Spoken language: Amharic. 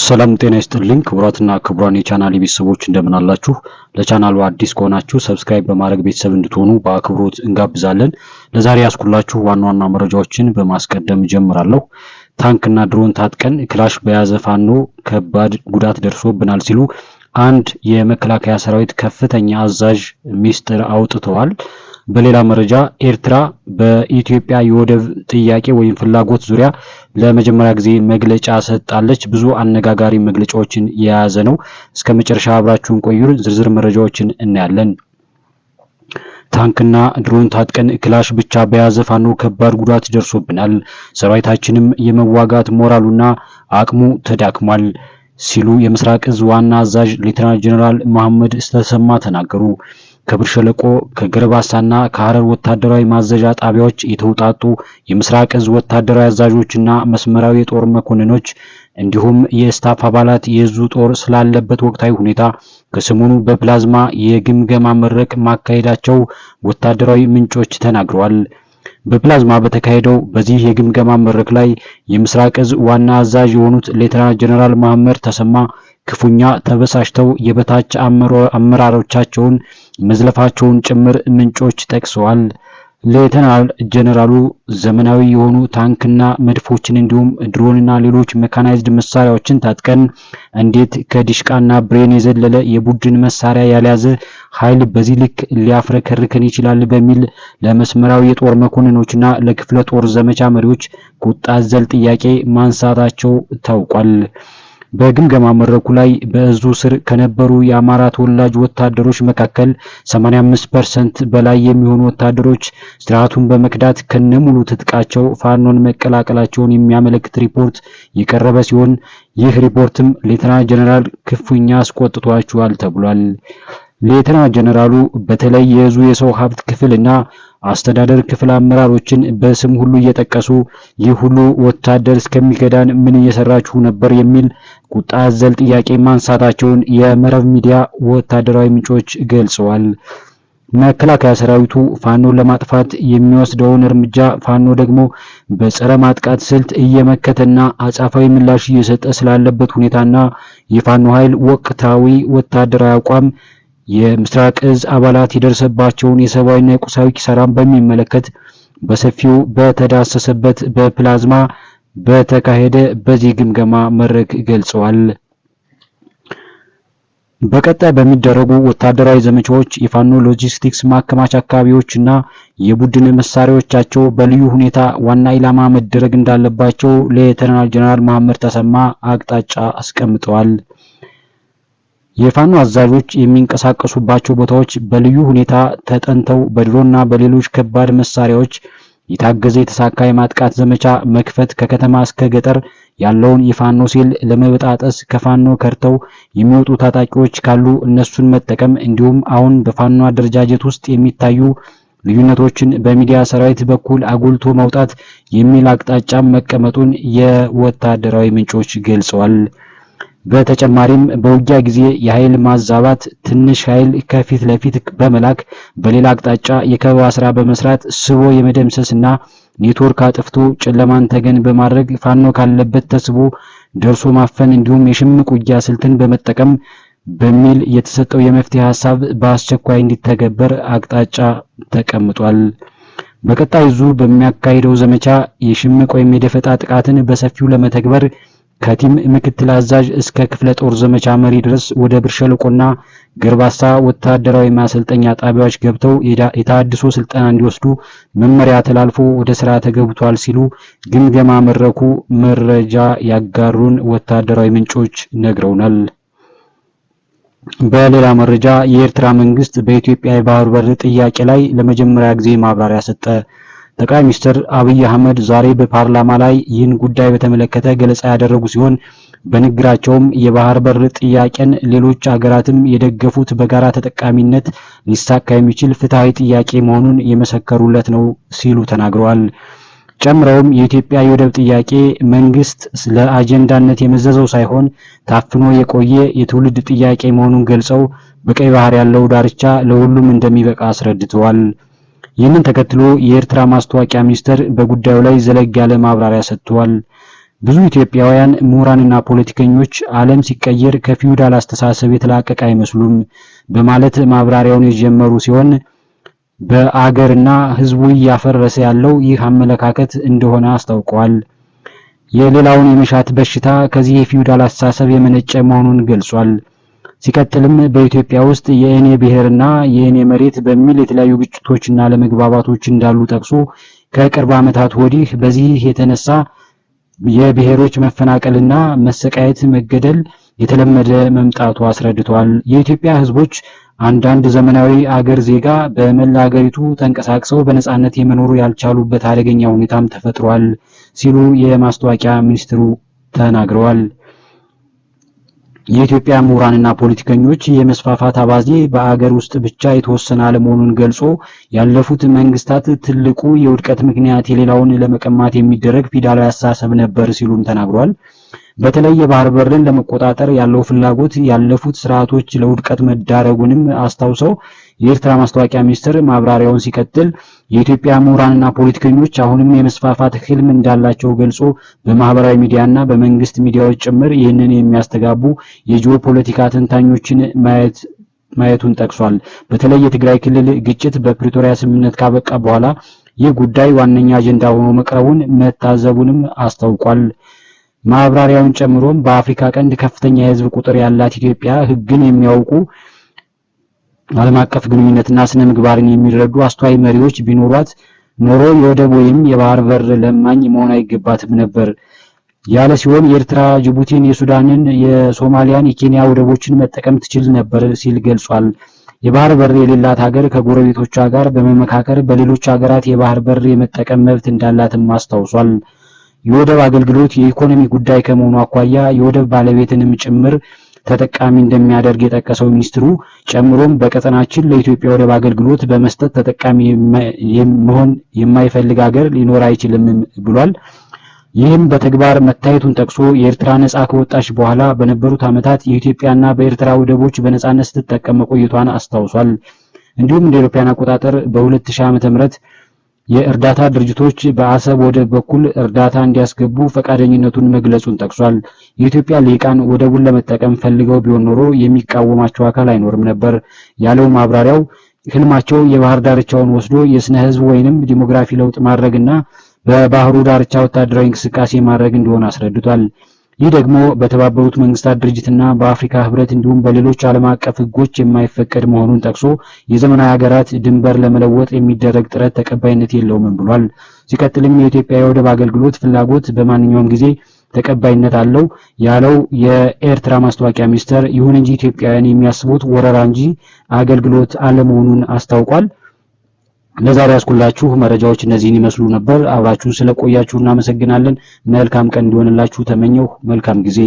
ሰላም ጤና ይስጥልኝ ክቡራትና ክቡራን የቻናል ቤተሰቦች እንደምን አላችሁ? ለቻናሉ አዲስ ከሆናችሁ ሰብስክራይብ በማድረግ ቤተሰብ እንድትሆኑ በአክብሮት እንጋብዛለን። ለዛሬ ያስኩላችሁ ዋና ዋና መረጃዎችን በማስቀደም እጀምራለሁ። ታንክና ድሮን ታጥቀን ክላሽ በያዘ ፋኖ ከባድ ጉዳት ደርሶብናል ሲሉ አንድ የመከላከያ ሰራዊት ከፍተኛ አዛዥ ሚስጥር አውጥተዋል። በሌላ መረጃ ኤርትራ በኢትዮጵያ የወደብ ጥያቄ ወይም ፍላጎት ዙሪያ ለመጀመሪያ ጊዜ መግለጫ ሰጣለች። ብዙ አነጋጋሪ መግለጫዎችን የያዘ ነው። እስከ መጨረሻ አብራችሁን ቆዩን። ዝርዝር መረጃዎችን እናያለን። ታንክና ድሮን ታጥቀን ክላሽ ብቻ በያዘ ፋኖ ከባድ ጉዳት ደርሶብናል። ሰራዊታችንም የመዋጋት ሞራሉና አቅሙ ተዳክሟል። ሲሉ የምስራቅ እዝ ዋና አዛዥ ሌተናል ጀኔራል መሐመድ ስተሰማ ተናገሩ። ከብር ሸለቆ ከገረባሳና ከሐረር ወታደራዊ ማዘዣ ጣቢያዎች የተውጣጡ የምስራቅ እዝ ወታደራዊ አዛዦችና መስመራዊ የጦር መኮንኖች እንዲሁም የስታፍ አባላት የእዙ ጦር ስላለበት ወቅታዊ ሁኔታ ከሰሞኑ በፕላዝማ የግምገማ መድረክ ማካሄዳቸው ወታደራዊ ምንጮች ተናግረዋል። በፕላዝማ በተካሄደው በዚህ የግምገማ መድረክ ላይ የምስራቅ እዝ ዋና አዛዥ የሆኑት ሌተናል ጀነራል መሐመድ ተሰማ ክፉኛ ተበሳጭተው የበታች አመራሮቻቸውን መዝለፋቸውን ጭምር ምንጮች ጠቅሰዋል። ሌተናል ጀነራሉ ዘመናዊ የሆኑ ታንክና መድፎችን እንዲሁም ድሮንና ሌሎች ሜካናይዝድ መሳሪያዎችን ታጥቀን እንዴት ከዲሽቃና ብሬን የዘለለ የቡድን መሳሪያ ያልያዘ ኃይል በዚህ ልክ ሊያፍረከርከን ይችላል በሚል ለመስመራዊ የጦር መኮንኖችና ለክፍለ ጦር ዘመቻ መሪዎች ቁጣ ዘል ጥያቄ ማንሳታቸው ታውቋል። በግምገማ መድረኩ ላይ በእዙ ስር ከነበሩ የአማራ ተወላጅ ወታደሮች መካከል 85 ፐርሰንት በላይ የሚሆኑ ወታደሮች ስርዓቱን በመክዳት ከነሙሉ ትጥቃቸው ፋኖን መቀላቀላቸውን የሚያመለክት ሪፖርት የቀረበ ሲሆን ይህ ሪፖርትም ሌተና ጀነራል ክፉኛ አስቆጥቷቸዋል ተብሏል። ሌተና ጀነራሉ በተለይ የእዙ የሰው ሀብት ክፍል እና አስተዳደር ክፍል አመራሮችን በስም ሁሉ እየጠቀሱ ይህ ሁሉ ወታደር እስከሚገዳን ምን እየሰራችሁ ነበር የሚል ቁጣ አዘል ጥያቄ ማንሳታቸውን የመረብ ሚዲያ ወታደራዊ ምንጮች ገልጸዋል። መከላከያ ሰራዊቱ ፋኖን ለማጥፋት የሚወስደውን እርምጃ ፋኖ ደግሞ በጸረ ማጥቃት ስልት እየመከተና አጻፋዊ ምላሽ እየሰጠ ስላለበት ሁኔታና የፋኖ ኃይል ወቅታዊ ወታደራዊ አቋም የምስራቅ እዝ አባላት የደረሰባቸውን የሰብአዊና የቁሳዊ ኪሳራን በሚመለከት በሰፊው በተዳሰሰበት በፕላዝማ በተካሄደ በዚህ ግምገማ መድረክ ገልጸዋል። በቀጣይ በሚደረጉ ወታደራዊ ዘመቻዎች የፋኖ ሎጂስቲክስ ማከማቻ አካባቢዎች እና የቡድን መሳሪያዎቻቸው በልዩ ሁኔታ ዋና ኢላማ መደረግ እንዳለባቸው ሌተናል ጀነራል መሐመድ ተሰማ አቅጣጫ አስቀምጠዋል። የፋኖ አዛዦች የሚንቀሳቀሱባቸው ቦታዎች በልዩ ሁኔታ ተጠንተው በድሮና በሌሎች ከባድ መሳሪያዎች የታገዘ የተሳካ የማጥቃት ዘመቻ መክፈት ከከተማ እስከ ገጠር ያለውን የፋኖ ሴል ለመበጣጠስ ከፋኖ ከርተው የሚወጡ ታጣቂዎች ካሉ እነሱን መጠቀም እንዲሁም አሁን በፋኖ አደረጃጀት ውስጥ የሚታዩ ልዩነቶችን በሚዲያ ሰራዊት በኩል አጉልቶ መውጣት የሚል አቅጣጫም መቀመጡን የወታደራዊ ምንጮች ገልጸዋል። በተጨማሪም በውጊያ ጊዜ የኃይል ማዛባት ትንሽ ኃይል ከፊት ለፊት በመላክ በሌላ አቅጣጫ የከበባ ስራ በመስራት ስቦ የመደምሰስ እና ኔትወርክ አጥፍቶ ጨለማን ተገን በማድረግ ፋኖ ካለበት ተስቦ ደርሶ ማፈን እንዲሁም የሽምቅ ውጊያ ስልትን በመጠቀም በሚል የተሰጠው የመፍትሄ ሀሳብ በአስቸኳይ እንዲተገበር አቅጣጫ ተቀምጧል። በቀጣይ ዙር በሚያካሂደው ዘመቻ የሽምቅ ወይም የደፈጣ ጥቃትን በሰፊው ለመተግበር ከቲም ምክትል አዛዥ እስከ ክፍለ ጦር ዘመቻ መሪ ድረስ ወደ ብርሸለቆና ግርባሳ ገርባሳ ወታደራዊ ማሰልጠኛ ጣቢያዎች ገብተው የታድሶ ስልጠና እንዲወስዱ መመሪያ ተላልፎ ወደ ስራ ተገብቷል ሲሉ ግምገማ መድረኩ መረጃ ያጋሩን ወታደራዊ ምንጮች ነግረውናል። በሌላ መረጃ የኤርትራ መንግስት በኢትዮጵያ የባህር በር ጥያቄ ላይ ለመጀመሪያ ጊዜ ማብራሪያ ሰጠ። ጠቅላይ ሚኒስትር አብይ አህመድ ዛሬ በፓርላማ ላይ ይህን ጉዳይ በተመለከተ ገለጻ ያደረጉ ሲሆን በንግግራቸውም የባህር በር ጥያቄን ሌሎች ሀገራትም የደገፉት በጋራ ተጠቃሚነት ሊሳካ የሚችል ፍትሐዊ ጥያቄ መሆኑን የመሰከሩለት ነው ሲሉ ተናግረዋል። ጨምረውም የኢትዮጵያ የወደብ ጥያቄ መንግስት ለአጀንዳነት የመዘዘው ሳይሆን ታፍኖ የቆየ የትውልድ ጥያቄ መሆኑን ገልጸው በቀይ ባህር ያለው ዳርቻ ለሁሉም እንደሚበቃ አስረድተዋል። ይህንን ተከትሎ የኤርትራ ማስታወቂያ ሚኒስትር በጉዳዩ ላይ ዘለግ ያለ ማብራሪያ ሰጥተዋል። ብዙ ኢትዮጵያውያን ምሁራንና ፖለቲከኞች ዓለም ሲቀየር ከፊውዳል አስተሳሰብ የተላቀቀ አይመስሉም በማለት ማብራሪያውን የጀመሩ ሲሆን በአገርና ሕዝቡ እያፈረሰ ያለው ይህ አመለካከት እንደሆነ አስታውቀዋል። የሌላውን የመሻት በሽታ ከዚህ የፊውዳል አስተሳሰብ የመነጨ መሆኑን ገልጿል። ሲቀጥልም በኢትዮጵያ ውስጥ የእኔ ብሔርና የእኔ መሬት በሚል የተለያዩ ግጭቶችና አለመግባባቶች እንዳሉ ጠቅሶ ከቅርብ ዓመታት ወዲህ በዚህ የተነሳ የብሔሮች መፈናቀልና መሰቃየት፣ መገደል የተለመደ መምጣቱ አስረድቷል። የኢትዮጵያ ሕዝቦች አንዳንድ ዘመናዊ አገር ዜጋ በመላ አገሪቱ ተንቀሳቅሰው በነፃነት የመኖሩ ያልቻሉበት አደገኛ ሁኔታም ተፈጥሯል ሲሉ የማስታወቂያ ሚኒስትሩ ተናግረዋል። የኢትዮጵያ ምሁራንና ፖለቲከኞች የመስፋፋት አባዜ በአገር ውስጥ ብቻ የተወሰነ አለመሆኑን ገልጾ ያለፉት መንግስታት ትልቁ የውድቀት ምክንያት የሌላውን ለመቀማት የሚደረግ ፊውዳላዊ አስተሳሰብ ነበር ሲሉም ተናግሯል። በተለይ የባህር በርን ለመቆጣጠር ያለው ፍላጎት ያለፉት ስርዓቶች ለውድቀት መዳረጉንም አስታውሰው የኤርትራ ማስታወቂያ ሚኒስትር ማብራሪያውን ሲቀጥል የኢትዮጵያ ምሁራንና ፖለቲከኞች አሁንም የመስፋፋት ህልም እንዳላቸው ገልጾ በማህበራዊ ሚዲያና በመንግስት ሚዲያዎች ጭምር ይህንን የሚያስተጋቡ የጂኦ ፖለቲካ ተንታኞችን ማየት ማየቱን ጠቅሷል። በተለይ የትግራይ ክልል ግጭት በፕሪቶሪያ ስምምነት ካበቃ በኋላ ይህ ጉዳይ ዋነኛ አጀንዳ ሆኖ መቅረቡን መታዘቡንም አስታውቋል። ማብራሪያውን ጨምሮም በአፍሪካ ቀንድ ከፍተኛ የህዝብ ቁጥር ያላት ኢትዮጵያ ህግን የሚያውቁ ዓለም አቀፍ ግንኙነትና ስነ ምግባርን የሚረዱ አስተዋይ መሪዎች ቢኖሯት ኖሮ የወደብ ወይም የባህር በር ለማኝ መሆን አይገባትም ነበር ያለ ሲሆን የኤርትራ ጅቡቲን፣ የሱዳንን፣ የሶማሊያን፣ የኬንያ ወደቦችን መጠቀም ትችል ነበር ሲል ገልጿል። የባህር በር የሌላት ሀገር ከጎረቤቶቿ ጋር በመመካከር በሌሎች ሀገራት የባህር በር የመጠቀም መብት እንዳላትም አስታውሷል። የወደብ አገልግሎት የኢኮኖሚ ጉዳይ ከመሆኑ አኳያ የወደብ ባለቤትንም ጭምር ተጠቃሚ እንደሚያደርግ የጠቀሰው ሚኒስትሩ ጨምሮም በቀጠናችን ለኢትዮጵያ ወደብ አገልግሎት በመስጠት ተጠቃሚ መሆን የማይፈልግ ሀገር ሊኖር አይችልም ብሏል። ይህም በተግባር መታየቱን ጠቅሶ የኤርትራ ነፃ ከወጣች በኋላ በነበሩት ዓመታት የኢትዮጵያና በኤርትራ ወደቦች በነፃነት ስትጠቀም መቆየቷን አስታውሷል። እንዲሁም እንደ አውሮፓውያን አቆጣጠር በ2000 ዓ.ም የእርዳታ ድርጅቶች በአሰብ ወደብ በኩል እርዳታ እንዲያስገቡ ፈቃደኝነቱን መግለጹን ጠቅሷል። የኢትዮጵያ ልሂቃን ወደቡን ለመጠቀም ፈልገው ቢሆን ኖሮ የሚቃወማቸው አካል አይኖርም ነበር ያለው ማብራሪያው ህልማቸው የባህር ዳርቻውን ወስዶ የስነ ህዝብ ወይንም ዲሞግራፊ ለውጥ ማድረግና በባህሩ ዳርቻ ወታደራዊ እንቅስቃሴ ማድረግ እንደሆነ አስረድቷል። ይህ ደግሞ በተባበሩት መንግስታት ድርጅትና በአፍሪካ ህብረት እንዲሁም በሌሎች ዓለም አቀፍ ህጎች የማይፈቀድ መሆኑን ጠቅሶ የዘመናዊ ሀገራት ድንበር ለመለወጥ የሚደረግ ጥረት ተቀባይነት የለውም ብሏል። ሲቀጥልም የኢትዮጵያ የወደብ አገልግሎት ፍላጎት በማንኛውም ጊዜ ተቀባይነት አለው ያለው የኤርትራ ማስታወቂያ ሚኒስተር፣ ይሁን እንጂ ኢትዮጵያውያን የሚያስቡት ወረራ እንጂ አገልግሎት አለመሆኑን አስታውቋል። ለዛሬ ያስኩላችሁ መረጃዎች እነዚህን ይመስሉ ነበር። አብራችሁን ስለቆያችሁ እናመሰግናለን። መልካም ቀን እንዲሆንላችሁ ተመኘሁ። መልካም ጊዜ